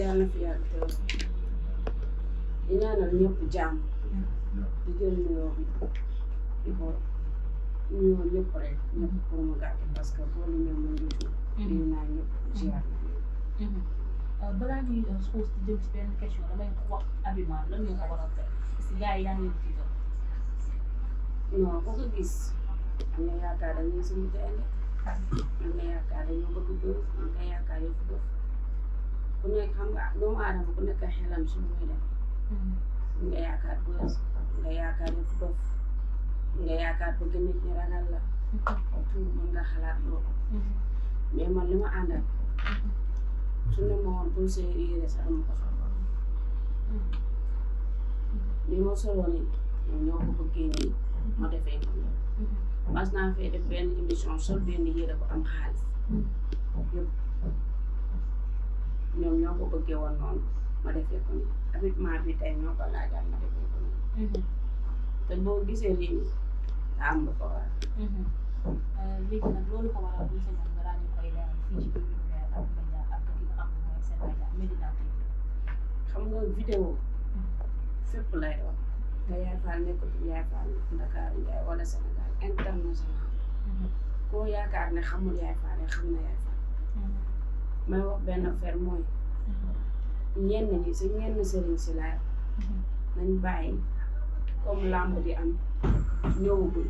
yàlla na fi yàgg teew di ñaanal ñëpp jàmm di jël nuyoo bi di ko nuyoo ñëpp rek ñëpp pour mu gàtt parce que boo lu ñëw mën nga jóg di naa ñëpp ziar mhm. euh, balaa ñuy xuus di jëm ci benn question damay wax Habiba lan ñu ko war a tey parce que gars yi yaa ngi leen tiital non ku ko gis am na yaakaar dañuy suñu gaynde am na yaakaar dañoo bëgg dóor am na yaakaar yow ko dof ku nekk xam nga doomu aadama ku nekk xelam su muy dem mm-hmm. nga yaakaar bës nga yaakaar yëf dof nga yaakaar bëgg nit la mën mm-hmm. nga xalaat loolu mm-hmm. mais li ma àndal su ne ma woon see yére sax ko li ma solo ni ñoom ñoo ko bëggee ma defee nii mas naa fee def benn émission sol benn yére bu am xaalis ñoom ñoo ko bëggee woon noonu ma defee ko nii habillement bi tey ñoo ma defee ko nii. Mhm. te boo gisee lii nii daa am lu ko waral. Mhm. Euh, léegi nag loolu ko waral bu ñu sañoon nga daal di koy leeral xam nga vidéo mhm. fépp lay doon. nga yaay faal nekkul yaay faal Dakar yaay wala Sénégal international. koo yaakaar ne xamul yaay faal xam na yaay faal. may wax benn affaire mooy ñenn ñi si ñenn sëriñ si laay nañ bàyyi comme làmb di am ñëwagul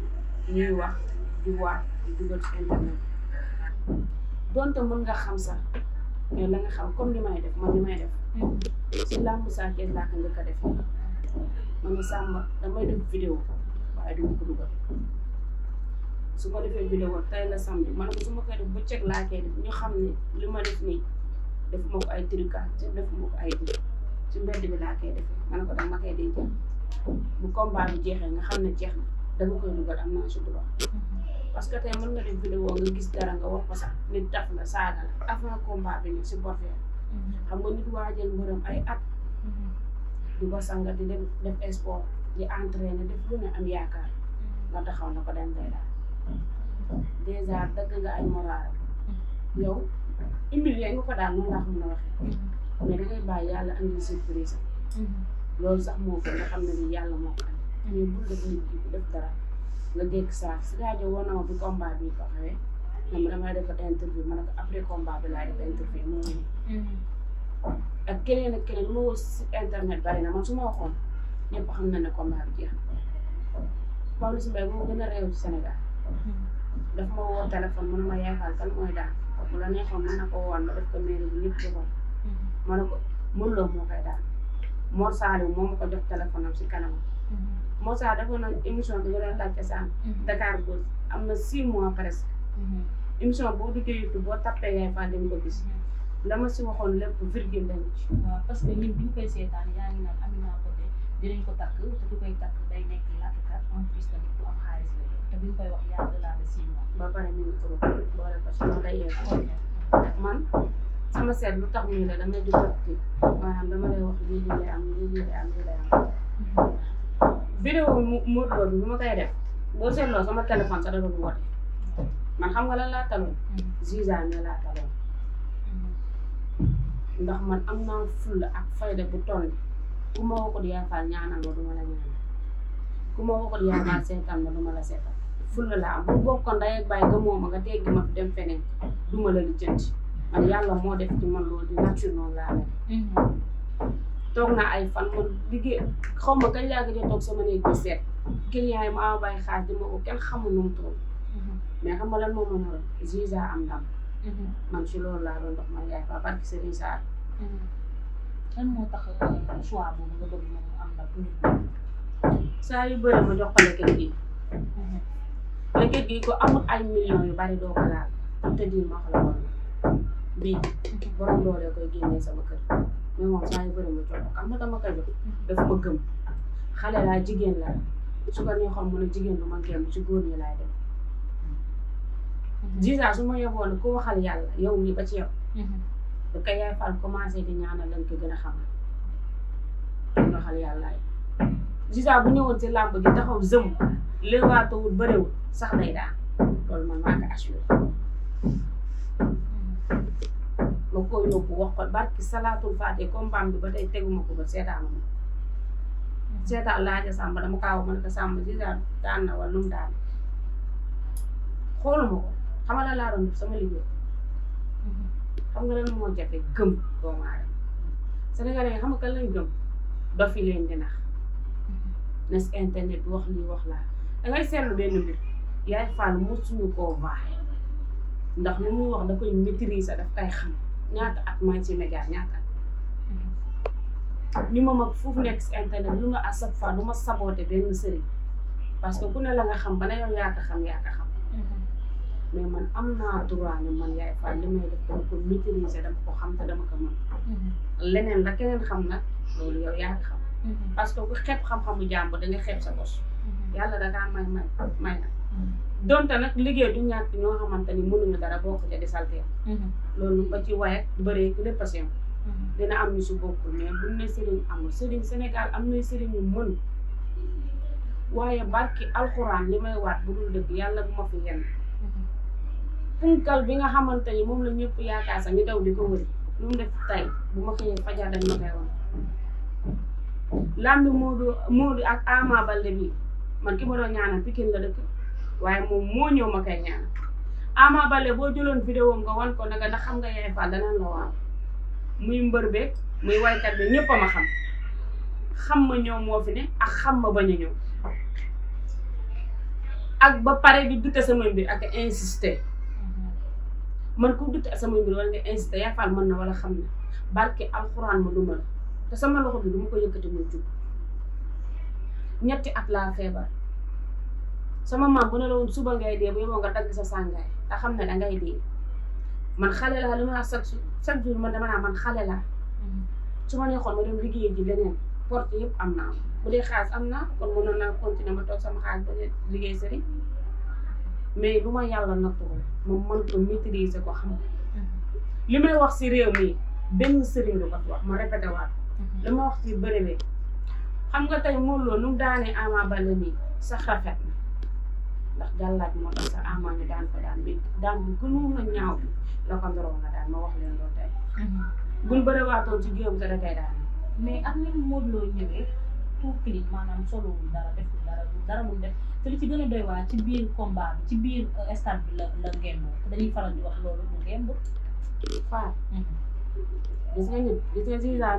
ñuy wax di waat di dugal donte mën nga xam sax mais la nga comme li def man li may def si làmb saa kees laa ko njëkk a defee man sàmm damay def vidéo waaye du ko dugal su ma defee woon tey la samedi man su ma koy def bu ceg laa koy def ñu xam ne li ma def nii def ma ko ay trucage def ay ci mbedd bi laa koy defee ma ne ko bu combat jeexee nga xam ne jeex na dama koy dugal am naa si parce que tey mën nga def vidéo nga gis dara nga wax ko sax nit taf la saaga la avant combat bi nii si bofee xam nga nit waajal mbërëm ay at di ko di def def sport di entraîner def lu ne am yaakaar nga taxaw na ko dem day daal dèjà dëgg nga ay moral yow humilier nga ko daal moom laa xam ne waxee mm-hmm. mais da ngay bàyyi yàlla am na surprise mm-hmm. loolu sax moo ko nga xam ne ni yàlla moo mm-hmm. ko ne ko après ak keneen ak keneen lu si internet bari man su waxoon ñëpp xam na ne combat bi jeex a réew Sénégal daf ma woo téléphone mu ne ma yaay faal kan mooy daan bu na ko woon ma def ko mairie bi ñëpp mm-hmm. moo koy daan Mor Saliou moo ma am si kanamam. Mm-hmm. Mor Saliou na émission bi mm-hmm. am na 6 mois presque. émission boo boo tapee yaay faal dañ ko gis. la ko takk du koy takk day nekk laatukaat en te koy wax yàlla laa de six ba pare ñu ngi ko man sama seet lu tax ñu ne da nga jóg kii mu mu loolu bi ma koy def boo seetloo sama téléphone sax da doon woote man xam nga lan laa taloon. man am naa fulla ak fayda bu toll ku ma waxul yaakaar ñaanal ma du la ñaanal ku ma waxul yaakaar seetaan ma du la seetaan. fulla la am bu bokkoon day ak bàyyi nga moom a nga teggi ma dem feneen du ma la man yàlla moo def ci man loolu di noonu mm-hmm. toog naa ay fan man liggéey xaw ma kañ laa a toog sama néeg bi seet client yi ma ama bàyyi xaar a visa am ndam. Mm-hmm. man ci loolu laa doon man yaay fa barki Serigne Sarr. Mm-hmm. Euh, saa yu bëri ma jox ko lekk mais kër gi ko amul ay millions yu bari doo ko laal te diir ma xala woon bii borom doole koy génnee sama kër mais moom saa yu bëri ma jox ko am dama ko jox daf ma gëm xale laa jigéen laa su ko neexoon ci góor ñi laay mhm. su ma yeboon ku waxal yàlla yow nii ba ci yow mhm. bu yaay fal commencé di ñaanal lañ ko gën a xamal waxal yàlla yi Ziza bu ñëwoon ci làmb ji taxaw zëm léewaatawul bëriwul sax day daan loolu man maa ko assuré ma ko yóbbu wax ko barki salaatul faate combat bi ba tey teguma ko ba seetaanu ma seetaan laaja sàmba dama kaa wax sàmba Ziza daan na wala lu daan xooluma ko xamal la laa doon sama liggéey xam nga lan moo jafe gëm doomu aadama sénégalais yi xam nga kan lañ gëm dof yi leen di ne si internet bi wax lii wax laa dangay seetlu benn mbir yaay Fall mosuñu koo vaaxe ndax lu muy wax da koy maîtriser daf koy xam ñaata at maa ngi ci média ñaata at. ñu ma mag foofu nekk si lu nga à chaque fois du ma saboote benn sëriñ parce que ku ne la nga xam ba ne yow yaa xam yaa ko xam. mais man am na droit ne man yaay Fall li may def dama ko dama ko xam te dama ko mën. Mhm. leneen la keneen xam nag loolu yow yaa xam. Mm-hmm. parce que ku xeeb xam-xamu jàmbur da nga sa bos. Mm-hmm. yàlla da ngaa may may may na. Mm-hmm. donte nag liggéey du ñàkk ñoo xamante ni mënuñu dara bokk ca di salté loolu ba ci waaye bëree lépp a seen dina amul sëriñ Sénégal am na sëriñ yu mën barki alxuraan li may waat bu dul dëgg yàlla bu ma fi yenn punkal bi nga xamante ni moom la ñëpp yaakaar sax ñu daw di ko wëri lu mu def tey bu ma xëyee fajar dañ ma koy wan lambi Modou Modou ak Ama Baldé bi man ki ma doon ñaanal Pikine la dëkk waaye moom moo ñëw ma koy ñaanal Ama boo jëloon vidéo nga wan ko naka ndax xam nga yaay Fall danaan waaw muy mbër beeg muy waykat bi ñëpp a ma xam xam ma ñëw moo fi ne ak xam ma bañ ñëw ak ba pare di dute sama mbir ak insister man ku dute sama mbir wala nga insister yaay Fall mën na wala xam na barke alxuraan ma du ma te sama loxo bi du ma ko yëkkati muy jub ñetti at laa feebar sama maam bu ne la woon suba ngay dee bu yeboo nga dagg sa sàngaay te xam ne dangay dee man xale laa li ma wax chaque jour man dama naa man xale laa mhm. su ma neexoon ma dem liggéey ji leneen porte yëpp am naa bu dee xaas am na kon mënoon naa continuer ma toog sama xaas ba liggéey sëriñ mais lu ma yàlla nag ko moom mën ko maîtriser ko xam mhm. li may wax si réew mi benn sëriñ lu ko wax ma répété waat dama wax ci bëri xam nga tey Modou Lo nu mu daanee Ama Baldé nii sax rafet na ndax gàllaaj moo tax sax Ama ñu daan ko daan bi a ñaaw bi la ko ndoroo ma wax leen loolu tey mhm. buñ bëriwaatoon ci géew sa da koy daan mais am na Modou Lo ñëwee tout clip maanaam solowul dara deful dara dara mu def te ci gën a doy waar ci biir combat ci biir euh, stade la la dañuy faral di wax loolu mu ngemb faar mhm. gis nga nit gis nga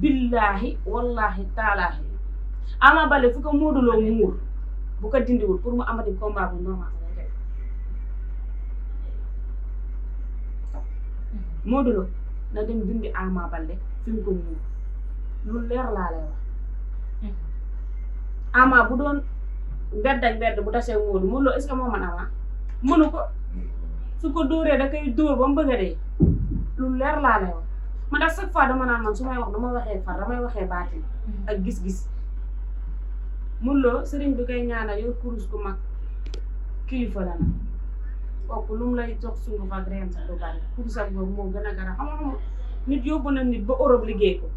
billaahi wallaahi taalaahi Ama Baldé fu ko Modou Lo muur bu ko dindiwul pour mu amati combat bu normal Modou Lo na dem dindi Ama Baldé fi mu ko muur lu leer laa lay bu doon mbedd ak bu tasee Modou Modou Lo est-ce ko su ko dóoree da kay dóor ba mu bëgg a dee lu leer laa man a chaque fois dama naan man su may wax dama waxee far damay waxee baatin mm-hmm. ak gis-gis mun loo sëriñ bi koy ñaanal yor kurus ku mag kilifa la nag kooku lu mu lay jox sunguf ak reen sa du bari moo gën a garab xam nga nit yóbbu nit ba Europe liggéey ko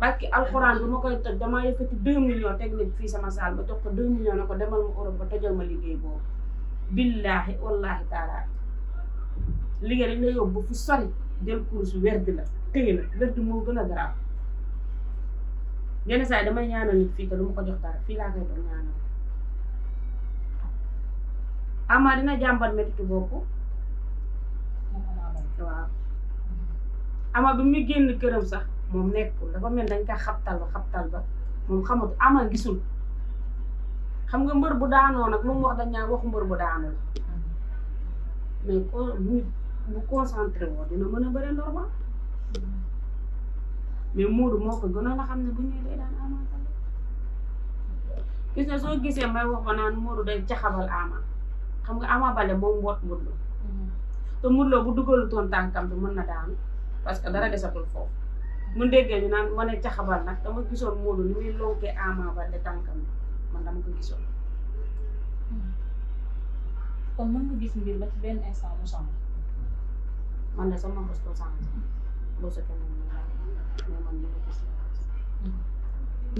barki alxuraan bi ma koy toj damaa yëkkati deux millions fii sama saal ba jox ko deux millions na ko demal ma Europe ba tojal ma liggéey boobu billaahi wallaahi taala liggéey dañ yóbbu fu sori jël course werd la téye la werd moo gën a garaaw yenn saa yi damay ñaanal nit fii te du ko jox dara fii laa koy doon ñaanal ama dina jàmbat métitu bopp waaw ama bi muy génn këram sax moom nekkul dafa mel dañ ko xabtal ba xabtal ba moom xamut ama gisul xam nga mbër bu daanoo nag lu mu wax dañ ñaan waxu mbër bu daanoo mm-hmm. mais ko nit bu concentré woo dina mën a bëri normal mais Moodu moo ko gënoon a xam ne bu ñëwee day daan Ama Baldé gis nga soo gisee may wax ko naan Moodu day jaxabal Ama xam nga Ama bale moom wot Modou Lô mm-hmm. te Modou Lô bu dugalutoon tànkam bi mën na daanu parce que dara desatul foofu mu déggee ñu naan ma ne jaxabal nag dama gisoon Moodu ni muy lonkee Ama Baldé tànkam bi man dama ko gisoon mm-hmm. kon mën nga gis mbir ba ci benn instant mu sama man de sama bos ko sànq boo sokkee moom mais man dama gis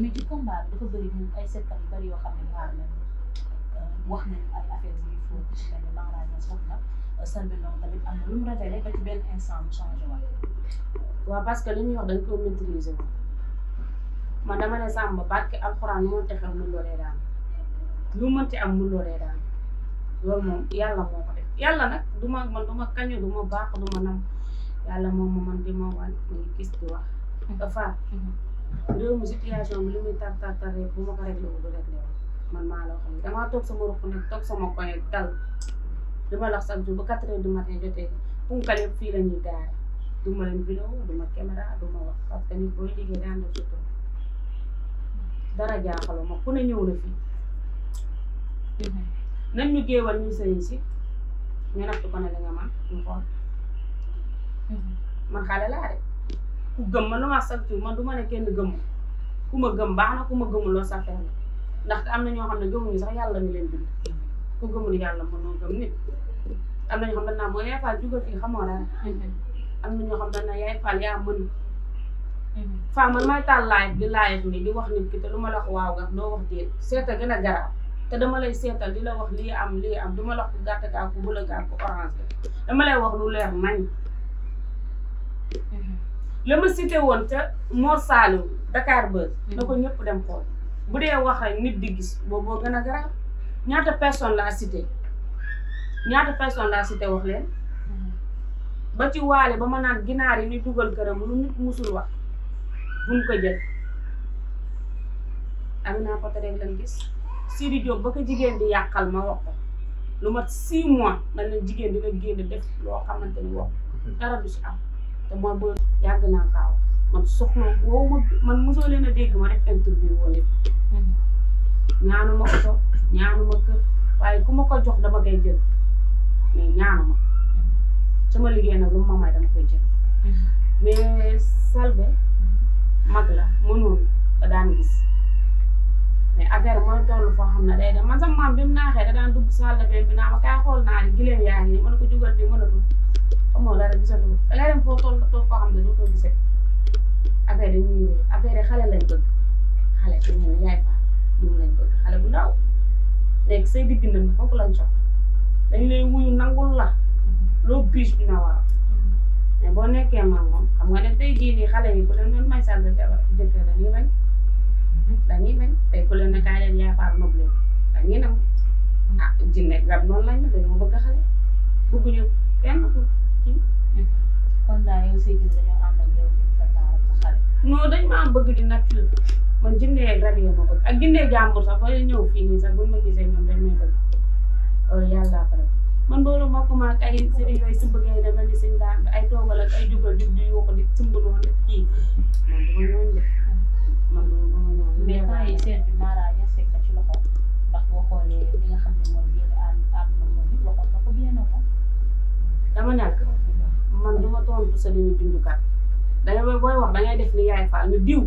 mais ci combat bi dafa bëri ñun ay seetkat yu bëri yoo xam ne waar nañ wax nañ ay affaire yu fóot ci benn langage foofu nag Selbé Ndom tamit am na lu mu révélé ba ci benn instant mu changé waat. waaw parce que li ñuy wax dañ ko maîtriser moom man dama ne Samba barke alxuraan moo taxaw mu loree daal lu mënti am mu loree daal loolu moom yàlla moo ko yàlla nag du ma man du ma kañu du ma baax du nam yàlla moom ma man di ma wan muy gis di wax dafa réew mi bi li muy tar tar tar bu ma ko réglé wu du réglé man maa la wax damaa toog sama ruq nag toog sama koy dal li ba quatre heures du la ñuy gaare du ma leen wax parce que nit booy liggéey daan def dara jaaxaloo ma ku ne ñëw na fii mm-hmm. nañ ñu géewal ñu sëriñ si ñu natt ko ne li nga man ñu xool mm-hmm. man xale laa de ku gëm man lu ma sax ci man du ma ne kenn gëmu ku gëm baax na ku ma gëmul loolu sa fexe ndax am na ñoo xam ne gëmuñu sax yàlla ñu leen bind mm-hmm. ku gëmul yàlla noo gëm nit am na ñoo xam ne naa boo yaay faal jugal fii xamoo dara mm-hmm. am na ñoo xam ne naa yaay faal yaa mën faal man may taal live di live ni di wax nit ki te lu ma la waaw nga doo wax déet seeta gën a garaaw te dama lay seetal di la wax lii am lii am du ma la wax ku gàtt gaa ku bula gaa ku orange bi dama lay wax lu leer nañ mm-hmm. la ma cité woon te Mor Saloum Dakar Buzz mm-hmm. ko ñépp dem xool bu dee wax rek nit di gis booboo gën a garaaw ñaata personne laa cité ñaata personne laa cité wax leen mm-hmm. ba ci waale ba ma naan ginaar yi ni dugal këram lu nit musul wax buñ ko jël am naa ko te rek lan gis Sidi Diop ba ko jigéen di yàqal ma wax lu mat 6 mois man leen jigéen dina génn def loo xamante ni wax dara du si am te mooy boo yàgg na kaaw man soxla woo ma man mosoo leen a dégg ma def interview woo leen ñaanu ma oto ñaanu ma kër waaye ku ma ko jox dama koy jël mais ñaanu ma sama liggéey nag lu ma may dama koy jël mm-hmm. mais Selbé mag la mënoon ba daan gis mais affaire mooy toll foo xam ne day dem man sax maam bi mu naaxee da daan dugg salle de bain bi naa ma kaay xool naa ni gileem yaa ngi nii mën ko jugal bi mën a dugg xamoo dara gisatoo da ngay dem foo toll toll foo xam ne dootoo gisee affaire yi ñuy affaire yi xale lañ bëgg xale ku mel ni yaay faal ñoom lañ bëgg xale bu ndaw léegi say digg nañ kooku lañ soxla dañ lay wuyu nangul la loo biis dina war mm-hmm. mais boo nekkee maam moom xam nga ne tey jii nii xale yi ku leen doon may salle de bain jëkkër dañuy bañ dañuy bañ tey ku leen ne kaay leen yaafaar nob leen dañuy nam ah jinne rab noonu lañ la dañoo bëgg xale bëgguñu kenn ku kii kon daal yow say gis dañoo ànd non dañ maa bëgg di nature man jinne ak rab yi ma bëgg ak jinne jàmbur sax ba ñëw fii nii sax buñ ma gisee ñoom dañ may bëgg loolu yàlla ko rek man loolu moo ko maag ay sëriñ yooyu simb ngay demal ni sëñ daan ay toogal ak ay jugal di di yuuxu di simb noonu kii man dama mais temps yi seet bi Mara ya sekk ci loxo ndax boo xoolee li nga xam ne mooy génn ko bien nekk man du ma tontu sa li ñu junjukat danga may booy wax dangay def ni yaay fa ni diw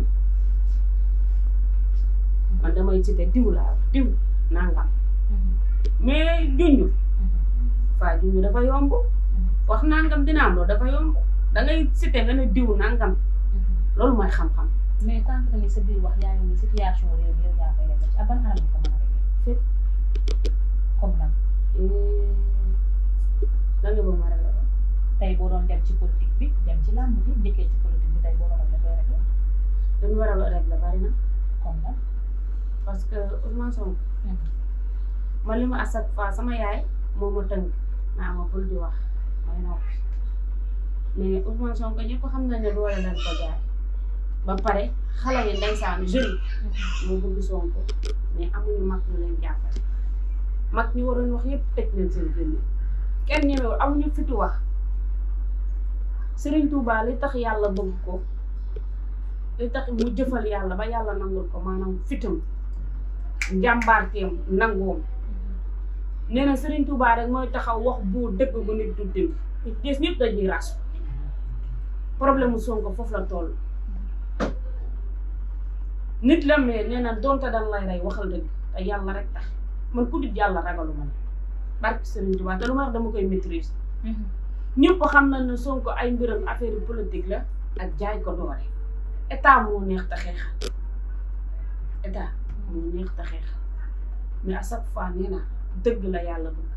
ma damay cité diw laa diw nangam mhm. mais junju mhm. faa junju dafa yomb mhm. wax nangam dina am loolu dafa yomb dangay cité nga ne diw nangam loolu mooy xam-xam mais tant que tamit sa biir wax yaa ngi ni situation réew mi yow yaa koy réglé ci ban anam nga ko mën a réglé. comme nan. Eh, lan la boobu ma réglé tey boo doon dem ci politique bi dem ci làmb bi njëkkee ci politique bi tey boo doon réglé looy réglé. dañu war a réglé bari na. comme nan. parce que Ousmane Sonko. Mm-hmm. man li ma à chaque fois sama yaay moo ma tënk naa ma bul di wax may noppi mais Ousmane Sonko ñëpp xam nañ ne doole lañ ko jaay. ba pare xale yi ndeysaan jeunes yi moo bëgg Sonko mais amuñu mag ñu leen jàppale mag ñu waroon wax yëpp tëj nañ seen génne kenn ñemewul amuñu fiti wax Serigne Touba li tax yàlla bëgg ko li tax mu jëfal yàlla ba yàlla nangul ko maanaam fitam njàmbaarteem nangoom mm-hmm. nee na Serigne Touba rek mooy taxaw wax bu dëgg bu nit du dégg des ñëpp dañuy rasu problème mu Sonko foofu la toll nit la mais nee na donte dañ lay rey waxal dëgg te yàlla rek tax man ku dul yàlla ragalu ma la barke Serigne Touba te lu ma wax dama koy maîtriser. Mhm. ñëpp xam nañ ne Sonko ay mbiram affaire politique la ak jaay ko doole état moo neex te xeexal état moo neex te xeexal mais à chaque fois nee na dëgg la yàlla bëgg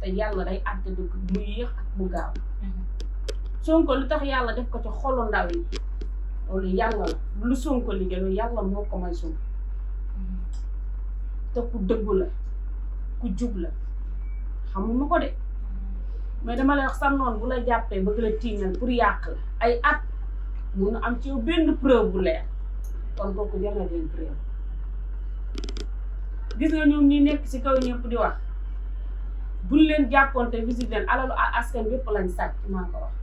te yàlla day àtte dëgg mu yéex ak mu gaaw mhm. Sonko lu tax yàlla def ko ci xolu ndaw yi. loolu yàlla la lu Sonko liggéey loolu yàlla moo ko may Sonko te ku dëggu la ku jub la xamuñu ko de mais dama lay wax sa noon bu la jàppee bëgg la tiiñal pour yàq la ay at munu am ci benn preuve bu leer kon kooku jar na leen preuve gis nga ñoom ñi nekk ci kaw ñëpp di wax buñ leen jàppoon te visite leen alalu askan bépp lañ sàcc maa ko wax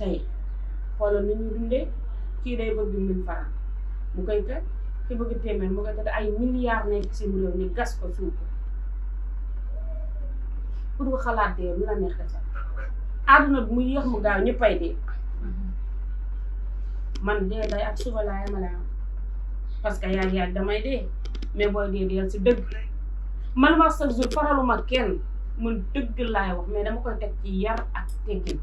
tey xoolal ni ñuy dundee kii day bëgg mille francs mu koy teg ki bëgg téeméer mu koy teg ay milliards nekk si réew ni gas ko suuf pour xalaatee lu la neex defal àdduna bi mu yéex mu gaaw ñëppay dee man dee day parce que yàgg yàgg damay dee mais booy dee deel si dëgg man wax jour faraluma kenn mun dëgg laay wax mais dama koy teg ci yar ak teggin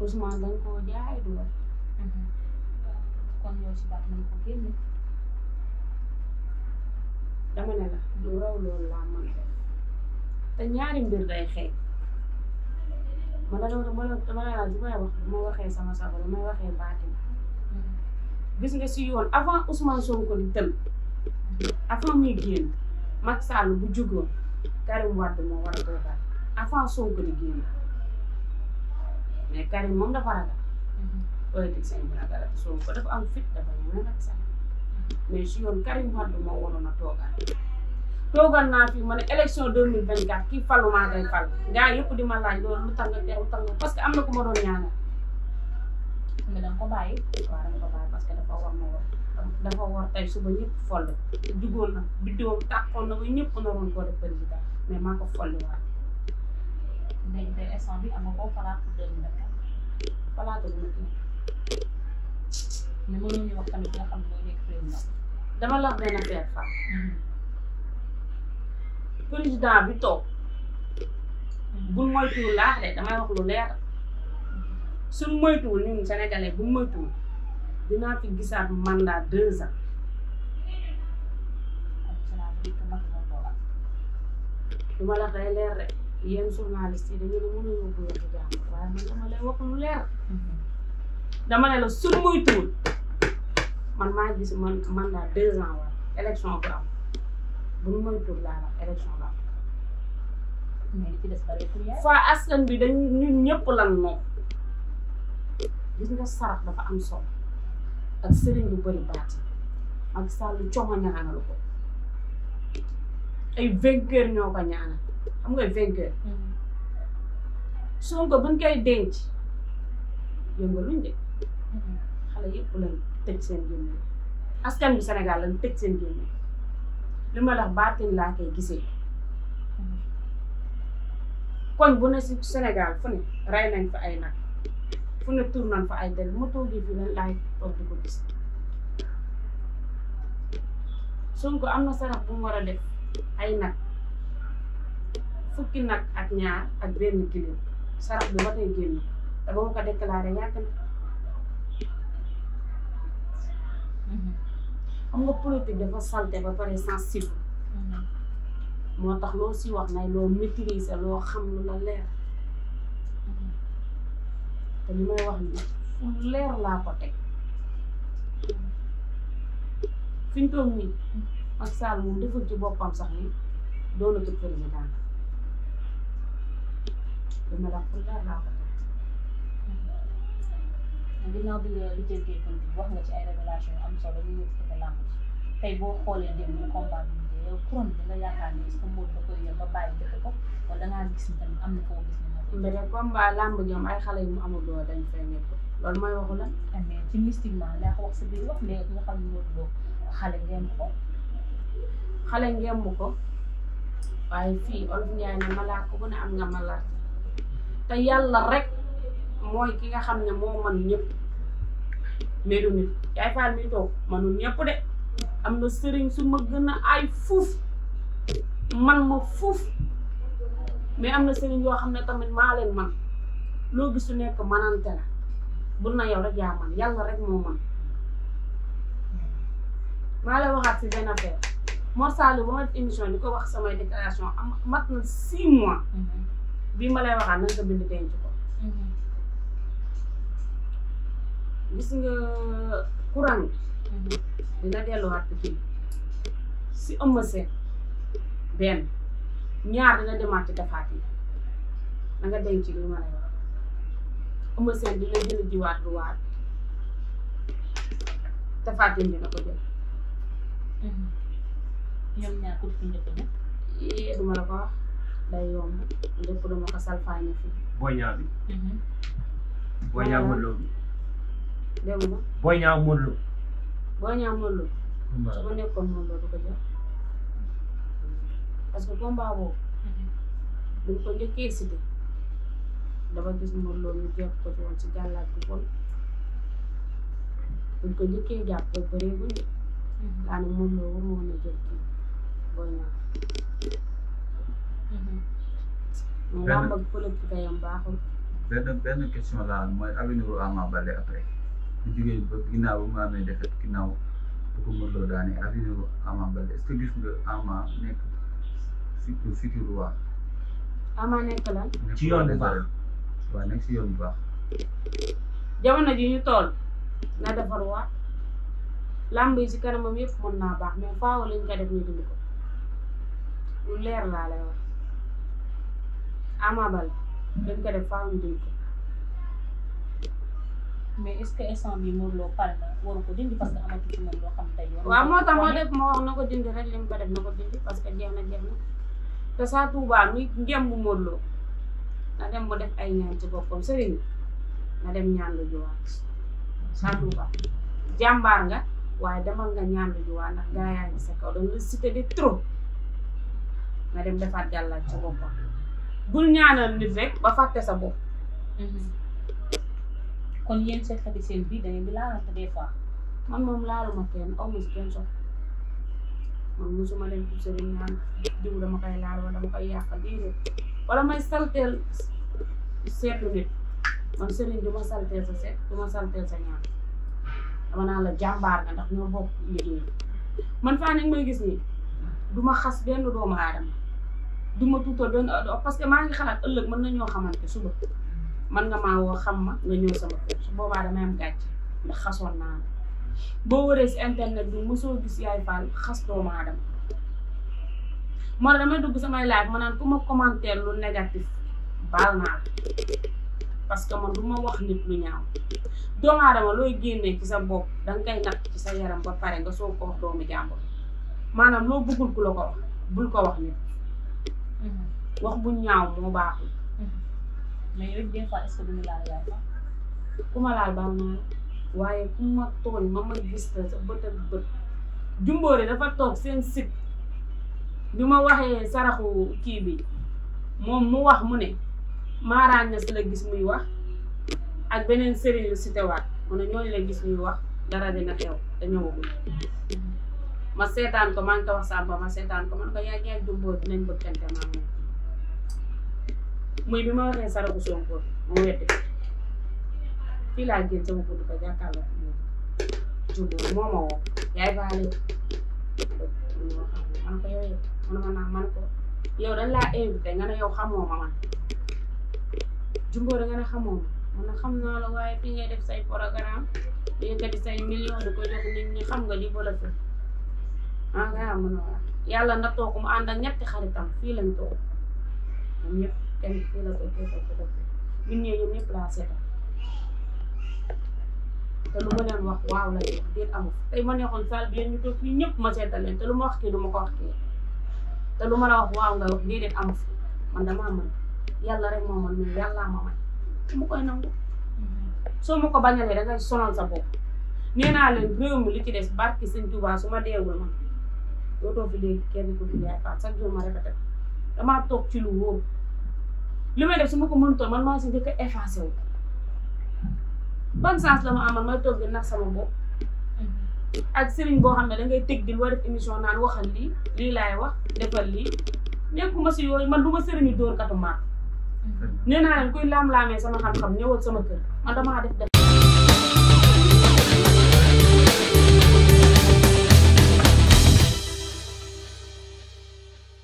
Ousmane dañ koo jaay dugal. kon yow si baat nañ ko génne. dama ne la du raw loolu laa mën def te ñaari mbir day xeeñ ma ne la ma dama ne la li may wax ma waxee sama sabar may waxee baatin mhm. gis nga si yoon avant Ousmane Sonko di tënk avant muy génn Macky Sall bu jugoon Karim Wade moo war a doon avant Sonko di génn. mais Karim moom dafa ragal. Mhm. politicien dafa am fit dafa ñeme nag sax mhm. mais si yoon Karim Wade moo waroon a toogal. toogal naa fi ma ne élection deux mille vingt kii falu maa ngay fal gars yëpp di ma laaj loolu lu tax nga teew lu tax parce que am na ku ma doon ñaanal. mais danga ko bàyyi. waaw danga ko bàyyi parce que dafa war ma war dafa war tey suba ñëpp folle. jugoon na biddoom tàkkoon na ba ñëpp naroon ko def président mais maa ko folliwaat. ndey tey instant bi am nga koo falaat pour 2024 bu nag mais mënoo ñu xam dama la benn mhm. bi toog mhm. bul moytuwul laax de damay wax lu leer mhm. suñ moytuwul ñun sénégalais bu moytuwul dinaa fi gisaat mandat deux ans du ma la leer rek yéen journaliste yi dañu ne mën a yóbbu yóbbu jàmm man dama lay wax lu leer mhm. dama ne la suñ muy tuul man maa gis man man deux ans war élection bu am muy tuul laa la élection bu am faa bi dañ ñëpp lan moom gis nga sarax dafa am solo ak sëriñ bu bëri baat ak sàll coono ñaanalu ko ay vainqueur ñoo ko ñaanal xam nga vainqueur mm-hmm. Sonko buñ koy denc yëngaluñ de mm-hmm. xale yëpp lañ tëj seen génne askan bi Sénégal lañ tëj seen génne li ma wax baatin laa koy gisee mm-hmm. kon bu ne si senegal fu ne rey nañ fa ay nag fu ne tur nañ fa ay del ma toog yi fi lan laay toog di ko gis Sonko am na sarax bu mu war a def ay nag fukki nag ak ñaar ak benn kilo sarax bi ba tey génn te ba ma ko déclaré yàgg na. Mhm. xam nga politique dafa salte ba pare sensible. Mhm. moo tax loo si wax nay loo maîtriser loo xam lu la leer. Mhm. te li may wax nii fu leer laa ko teg. fi ñu toog nii. ak Sall moom deful ci boppam sax ni doonatul président. dama ko ginnaaw bi nga lijjantee politique wax am solo ñu yëpp côté làmb ci tey boo xoolee démb combat bi mujjee yow ko gis ni am na foo gis ne mbere ay xale yu amul dañ fay nekk loolu la ci mystiquement laa ko wax sa xale ngeen ko xale ngeen ko waaye fii olof Ndiaye ne malaat ko bu a am nga malaat te yàlla rek mooy ki nga xam ne moo man ñëpp melu nit yaay faal mi toog manul ñëpp de am na sëriñ su ma gën a ay fuuf man ma fuuf mais am na sëriñ yoo xam ne tamit maa leen man loo gis su nekk manante la bu na yow rek yaa man yàlla rek moo man maa waxaat si benn affaire Mor Sall ba ma émission di ko wax samay déclaration am mat na six mois mm-hmm. bii ma lay waxaat nañ ko bind denc ko gis nga courant bi dina delluwaat Pikine si Eumeu Sène benn ñaar dina demaat ci Tapha Tine da denc li ma lay wax Eumeu Sène dina jël jiwaat lu waat Tapha Tine dina ko jël ñoom ñaar ko duma la ko wax day yomb lépp dama ko salfaañe fii. Boy Niang bi. Mhm. bi. dégg nga. Boy Niang Modou Lo. Boy Niang Modou Lo. su ma nekkoon Modou Lo parce que combat boobu. Mhm. buñ ko njëkkee cité dama gis Modou Lo ñu jàpp ko ci woon ci gàllaaj bu bon buñ ko njëkkee jàpp ba bëreegul. Mhm. daanaka Modou Lo war woon a jël kii. benn benn benn question la mooy avenir Ama Baldé après bu jugee ba ginnaaw bi mu amee defet bu ko Modou Lo daane avenir Ama Baldé nga Ama nekk futur ci yoon bu baax waaw nekk ci yoon bu baax. jamono ji ñu toll na defar waat làmb yi ci kanamam yëpp mën naa baax mais faaw lañ ko def ñu dindi ko leer laa lay Ama Baldé dañ ko def faaw ñu ko. mais est-ce que instant bii Modou Lo pare na ko dindi parce que amatu ci moom moo tax na ko dindi rek li mu ko def parce que jeex na jeex na te saa Touba mi njëm bu na dem mu def ay ñaan ci boppam sëriñ dem ñaan lu juwaat saa Touba jàmbaar nga waaye demal nga ñaan lu juwaat ndax gaa yaa sa kaw dañ la cité de trop na dem defaat gàllaaj ci boppam. bul ñaanal nit rek ba fàtte sa bopp. Mhm. kon yéen seen xabi seen bi da ngeen di laalante des fois. man moom laaluma kenn aw ma si kenn soxla man mosuma leen pour sëriñ ñaan diw dama koy laal wala dama koy yàqal déedéet wala may salteel seetu nit man sëriñ du ma sa seet du ma sa ñaan dama naan la jàmbaar nga ndax ñoo bokk liggéey man faa nekk may gis nii du ma xas benn doomu aadama. du ma tuutal benn parce que maa ngi xalaat ëllëg mën nañoo xamante suba man nga maa xam ma nga ñëw sama kër su boobaa damay am gàcce ndax xasoon naa la boo wëree si internet bi mosoo gis yaay Fall xas doomu aadama moo dugg samay laaj ma naan ma commentaire lu négatif baal que man du ma wax nit lu ñaaw doomu aadama looy génne ci sa bopp danga kay natt ci sa yaram ba pare nga soo ko wax doomu jàmbur maanaam loo bëggul ku la ko wax bul ko wax nit Mhm. wax bu ñaaw moo baaxul. Mhm. mais yooyu des fois est-ce laal yaay sax. ku ma laal baal naa waaye ku ma tooñ ma ma gis la sa bët ak bët. jumboore dafa toog seen sit bi ma waxee saraxu kii bi moom mu wax mu ne maaraan na si la gis muy wax ak beneen sëriñu si tewaat mu ne ñooñu la gis muy wax dara dina teew te ñëwagul. Mhm. ma seetaan ko maa ngi ko wax Samba ma seetaan ko man ko yaag yaag jumboo dinañ bëggante maa moom muy bi ma waxee sarabu Sonko mu weddi fii laa génn sama bunt ko jàkkaarloo ko moom jumboo woo yaay baale man ko yow man ma naa man ko yow dañ laa invité nga ne yow xamoo ma man jumboo da nga ne xamoo ma man na xam naa la waaye fi ngay def say programme di say million ko jox nit ñi xam nga li bolo en grand mënoo yàlla nattoo ko mu ànd ak ñetti xaritam fii lañ toog ñoom ñëpp ko def ñun ñee ñoom ñëpp laa seetal te lu ma leen wax waaw la wax déet amul ma neexoon salle bi ñu toog fii ñëpp ma seetal leen te lu ma wax kii du ma ko wax kii te lu ma la wax waaw nga wax déedéet amul man damaa mën yàlla rek moo mën mais yàllaa ma mën mu koy nangu soo ma ko bañalee da ngay sonal sa bopp nee naa leen réew mi li ci des barki sëñ Tuubaa su ma deewul man loo toog fi léegi kenn ku di yaay Fatou chaque jour ma répété damaa toog ci lu wóor li may def su ma ko mënutoon man maa si njëkk a effacé wu ban sens la ma amal may toog di nax sama bopp mhm. ak sëriñ boo xam ne dangay ngay teg di war def émission naan waxal lii lii laay wax defal lii nekkuma si yooyu man du ma sëriñu dóor katu maat mhm. nee naa leen kuy laam-laamee sama xam-xam ñëwal sama kër man damaa def def